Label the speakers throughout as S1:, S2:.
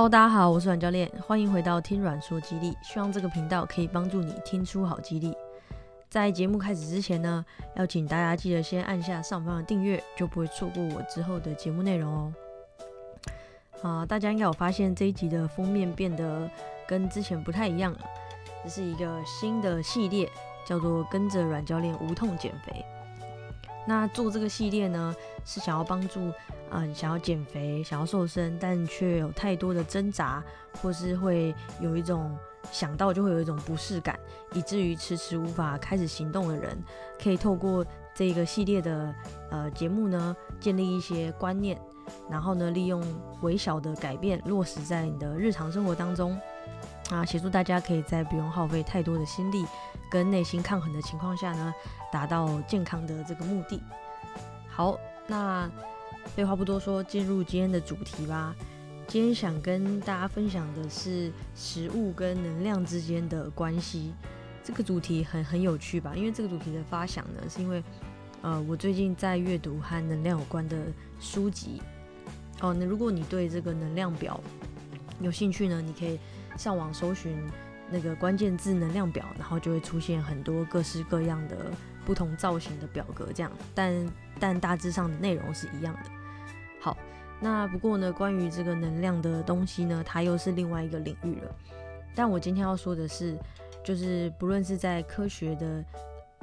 S1: hello，大家好，我是阮教練，歡迎回到聽軟說激勵。希望這個頻道可以幫助你聽出好激勵。在節目開始之前呢，要請大家記得先按下上方的訂閱，就不會錯過我之後的節目內容哦、喔。啊，大家應該有發現這一集的封面變得跟之前不太一樣了，這是一個新的系列，叫做跟着阮教練無痛減肥。那做這個系列呢，是想要幫助。啊，你想要減肥、想要瘦身，但卻有太多的掙扎，或是會有一種想到就會有一種不適感，以至於遲遲無法開始行動的人，可以透過這個系列的呃節目呢，建立一些觀念，然後呢，利用微小的改變落實在你的日常生活當中，啊，協助大家可以在不用耗費太多的心力跟內心抗衡的情況下呢，達到健康的這個目的。好，那。廢話不多說，進入今天的主題吧。今天想跟大家分享的是食物跟能量之間的關係。這個主題很很有趣吧？因為這個主題的發想呢，是因為呃，我最近在閱讀和能量有關的書籍。哦，那如果你對這個能量表有興趣呢，你可以上網搜尋那個關鍵字“能量表”，然後就會出現很多各式各樣的不同造型的表格，這樣，但但大致上的內容是一樣的。好，那不過呢，關於這個能量的東西呢，它又是另外一個領域了。但我今天要說的是，就是不論是在科學的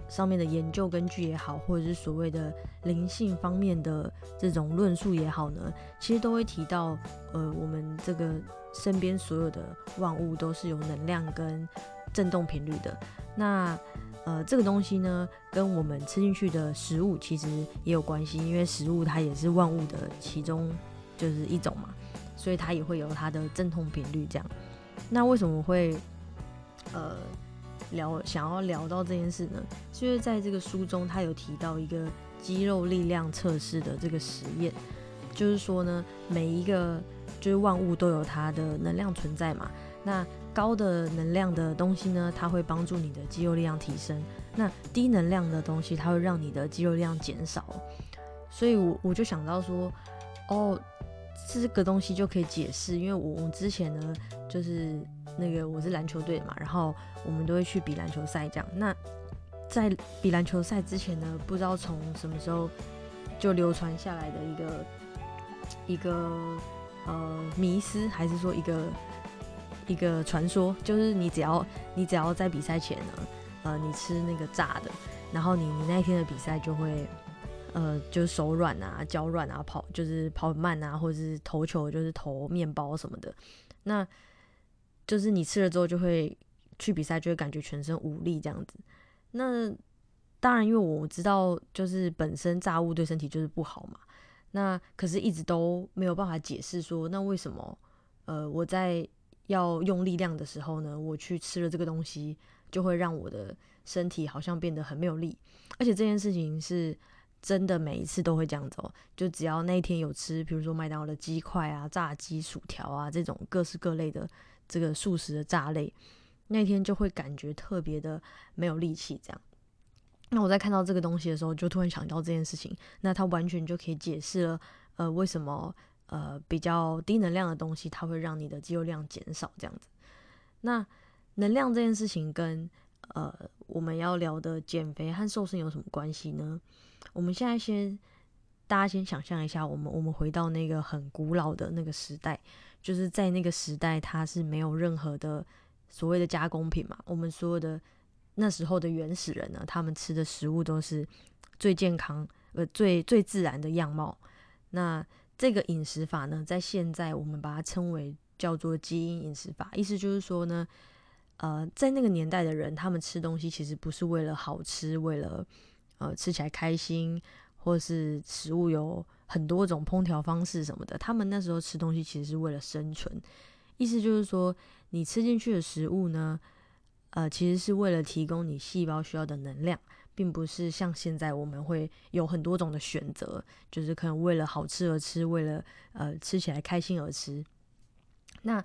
S1: 上面的研究根據也好，或者是所謂的靈性方面的這種論述也好呢，其實都會提到，呃，我們這個身邊所有的萬物都是有能量跟振動頻率的。那呃，這個東西呢，跟我們吃進去的食物其實也有關係，因為食物它也是萬物的其中就是一種嘛，所以它也會有它的振動頻率這樣。那為什麼會呃聊想要聊到這件事呢？就是在這個書中，他有提到一個肌肉力量測試的這個實驗，就是說呢，每一個就是萬物都有它的能量存在嘛，那，高的能量的東西呢，它會幫助你的肌肉力量提升；那低能量的東西，它會讓你的肌肉量減少。所以我，我我就想到說，哦，這個東西就可以解釋，因為我我之前呢，就是那個我是籃球隊嘛，然後我們都會去比籃球賽這樣。那在比籃球賽之前呢，不知道從什麼時候就流傳下來的一個一個呃，迷思還是說一個。一個傳說就是，你只要你只要在比賽前呢，呃，你吃那個炸的，然後你你那一天的比賽就會，呃，就是手軟啊，腳軟啊，跑就是跑慢啊，或者是投球就是投麵包什麼的，那就是你吃了之後就會去比賽，就會感覺全身無力這樣子。那當然，因為我知道就是本身炸物對身體就是不好嘛。那可是一直都沒有辦法解釋說，那為什麼，呃，我在要用力量的時候呢，我去吃了這個東西，就會讓我的身體好像變得很沒有力。而且這件事情是真的，每一次都會這樣子喔。就只要那天有吃，比如說麥當勞的雞塊啊、炸雞、啊、薯條啊這種各式各類的這個素食的炸類，那天就會感覺特別的沒有力氣。這樣，那我在看到這個東西的時候，就突然想到這件事情，那它完全就可以解釋了，呃，為什麼。呃，比較低能量的東西，它會讓你的肌肉量減少，這樣子。那能量這件事情跟呃我們要聊的減肥和瘦身有什麼關係呢？我們現在先大家先想象一下，我們我們回到那個很古老的那個時代，就是在那個時代，它是沒有任何的所謂的加工品嘛。我們所有的那時候的原始人呢，他們吃的食物都是最健康、呃最最自然的樣貌。那這個飲食法呢，在現在我們把它稱為叫做基因飲食法，意思就是說呢，呃，在那個年代的人，他們吃東西其實不是為了好吃，為了呃吃起來開心，或是食物有很多種烹調方式什麼的，他們那時候吃東西其實是為了生存。意思就是說，你吃進去的食物呢，呃，其實是為了提供你細胞需要的能量。並不是像現在我們會有很多種的選擇，就是可能為了好吃而吃，為了呃吃起來開心而吃。那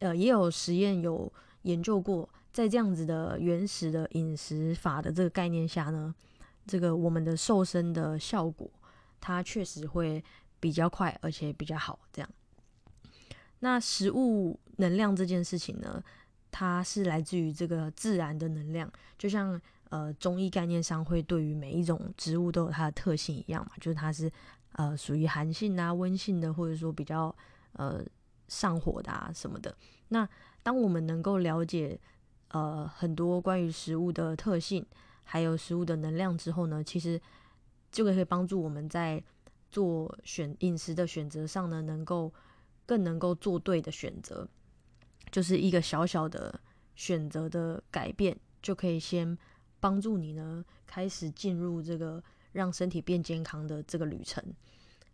S1: 呃也有實驗有研究過，在這樣子的原始的飲食法的這個概念下呢，這個我們的瘦身的效果它確實會比較快，而且比較好，這樣。那食物能量這件事情呢，它是來自於這個自然的能量，就像呃，中醫概念上會對於每一種植物都有它的特性一樣嘛，就是它是呃屬於寒性啊、溫性的，或者說比較呃上火的啊什麼的。那當我們能夠了解呃很多關於食物的特性，還有食物的能量之後呢，其實就可以幫助我們在做選飲食的選擇上呢，能夠更能夠做對的選擇，就是一個小小的選擇的改變，就可以先。幫助你呢，開始進入這個讓身體變健康的這個旅程。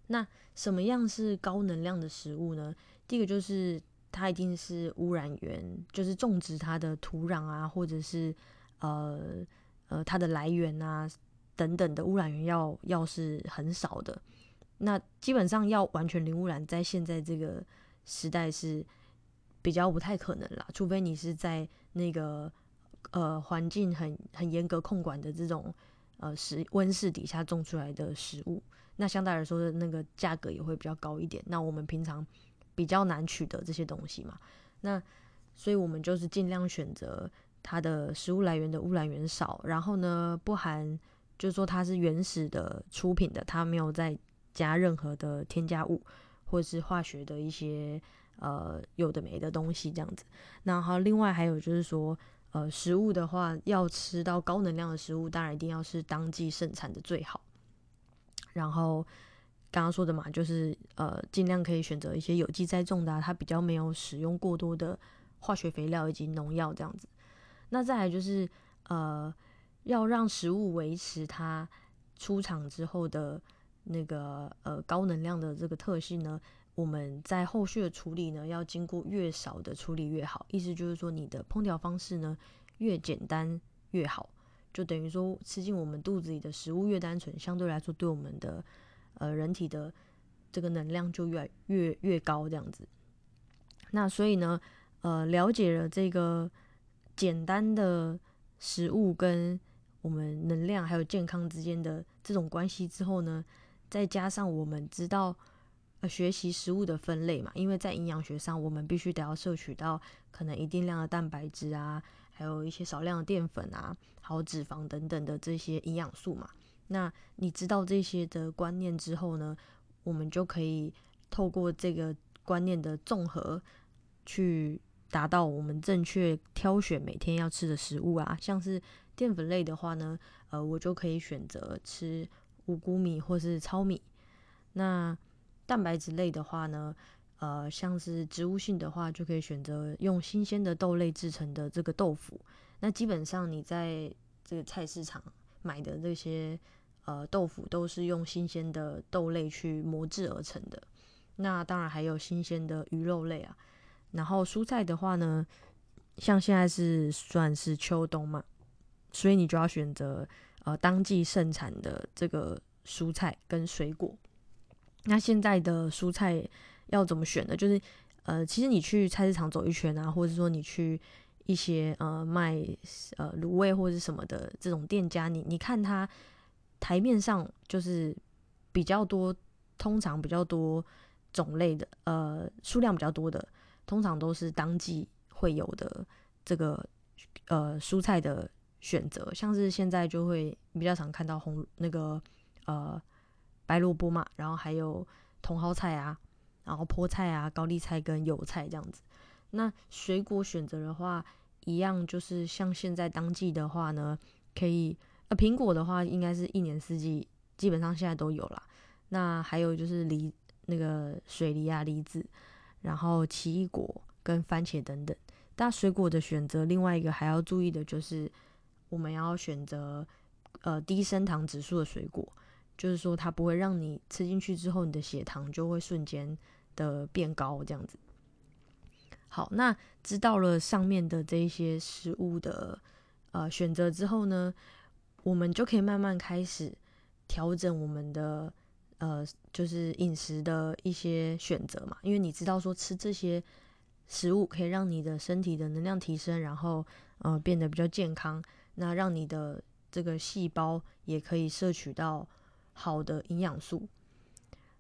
S1: 那什麼樣是高能量的食物呢？第一個就是它一定是污染源，就是種植它的土壤啊，或者是呃呃它的來源啊等等的污染源要要是很少的。那基本上要完全零污染，在現在這個時代是比較不太可能啦，除非你是在那個。呃，環境很很嚴格控管的這種，呃，室溫室底下種出來的食物，那相對來說的那個價格也會比較高一點。那我們平常比較難取得這些東西嘛，那所以我們就是盡量選擇它的食物來源的污染源少，然後呢不含，就是說它是原始的出品的，它沒有再加任何的添加物或是化學的一些呃有的沒的東西這樣子。然後另外還有就是說。呃，食物的話，要吃到高能量的食物，當然一定要是當季盛產的最好。然後剛剛說的嘛，就是呃，盡量可以選擇一些有機栽種的啊，它比較沒有使用過多的化學肥料以及農藥這樣子。那再來就是呃，要讓食物維持它出廠之後的那個呃高能量的這個特性呢，我們在後續的處理呢，要經過越少的處理越好，意思就是說你的烹調方式呢越簡單越好，就等於說吃進我們肚子裡的食物越單純，相對來說對我們的呃人體的這個能量就越越越高這樣子。那所以呢，呃，了解了這個簡單的食物跟我們能量還有健康之間的這種關係之後呢，再加上我們知道。呃，學習食物的分類嘛，因為在營養學上，我們必須得要攝取到可能一定量的蛋白質啊，還有一些少量的澱粉啊，還有脂肪等等的這些營養素嘛。那你知道這些的觀念之後呢，我們就可以透過這個觀念的綜合，去達到我們正確挑選每天要吃的食物啊。像是澱粉類的話呢，呃，我就可以選擇吃五穀米或是糙米。那蛋白質類的話呢，呃，像是植物性的話，就可以選擇用新鮮的豆類製成的這個豆腐。那基本上你在這個菜市場買的這些呃豆腐，都是用新鮮的豆類去磨製而成的。那當然還有新鮮的魚肉類啊。然後蔬菜的話呢，像現在是算是秋冬嘛，所以你就要選擇呃當季盛產的這個蔬菜跟水果。那現在的蔬菜要怎麼選呢？就是，呃，其實你去菜市場走一圈啊，或者說你去一些呃賣呃滷味或者什麼的這種店家，你你看它台面上就是比較多，通常比較多種類的，呃，數量比較多的，通常都是當季會有的這個呃蔬菜的選擇，像是現在就會比較常看到紅那個呃。白蘿蔔嘛，然後還有茼蒿菜啊，然後菠菜啊、高麗菜跟油菜這樣子。那水果選擇的話，一樣就是像現在當季的話呢，可以呃蘋果的話，應該是一年四季基本上現在都有啦。那還有就是梨，那個水梨啊、梨子，然後奇異果跟番茄等等。但水果的選擇，另外一個還要注意的就是，我們要選擇呃低升糖指數的水果。就是說它不會讓你吃進去之後，你的血糖就會瞬間的變高這樣子。好，那知道了上面的這一些食物的呃選擇之後呢，我們就可以慢慢開始調整我們的呃就是飲食的一些選擇嘛，因為你知道說吃這些食物可以讓你的身體的能量提升，然後呃變得比較健康，那讓你的這個細胞也可以攝取到。好的營養素，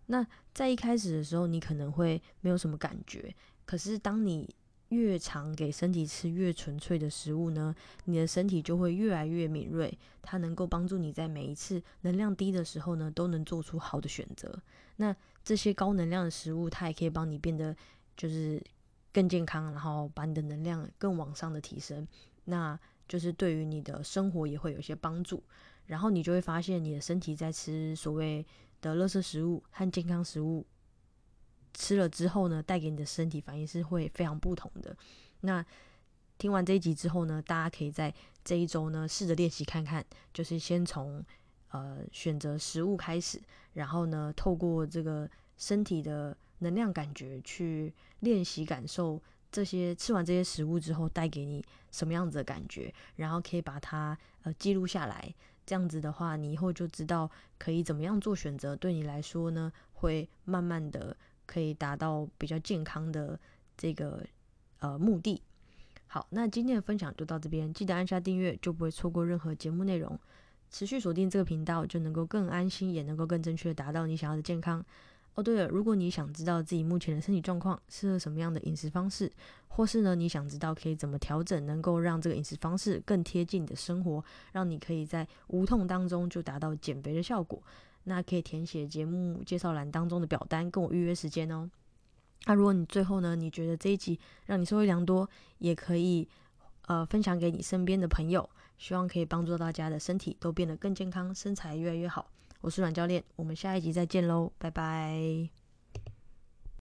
S1: 那在一開始的時候，你可能會沒有什麼感覺。可是，當你越常給身體吃越純粹的食物呢，你的身體就會越來越敏銳。它能夠幫助你在每一次能量低的時候呢，都能做出好的選擇。那這些高能量的食物，它也可以幫你變得就是更健康，然後把你的能量更往上的提升。那就是對於你的生活也會有些幫助。然後你就會發現，你的身體在吃所謂的垃圾食物和健康食物吃了之後呢，帶給你的身體反應是會非常不同的。那聽完這一集之後呢，大家可以在這一周呢試着練習看看，就是先從呃選擇食物開始，然後呢透過這個身體的能量感覺去練習感受這些吃完這些食物之後帶給你什麼樣子的感覺，然後可以把它呃記錄下來。這樣子的話，你以後就知道可以怎麼樣做選擇。對你來說呢，會慢慢的可以達到比較健康的這個呃目的。好，那今天的分享就到這邊，記得按下訂閱，就不會錯過任何節目內容。持續鎖定這個頻道，就能夠更安心，也能夠更正確的達到你想要的健康。哦、oh, 對了，如果你想知道自己目前的身體狀況，適合什麼樣的飲食方式，或是呢你想知道可以怎麼調整，能夠讓這個飲食方式更貼近你的生活，讓你可以在無痛當中就達到減肥的效果，那可以填寫節目介紹欄當中的表單，跟我預約時間哦。那、啊、如果你最後呢，你覺得這一集讓你收穫良多，也可以呃分享給你身邊的朋友，希望可以幫助大家的身體都變得更健康，身材越來越好。我是阮教練，我們下一集再見嘍，拜拜。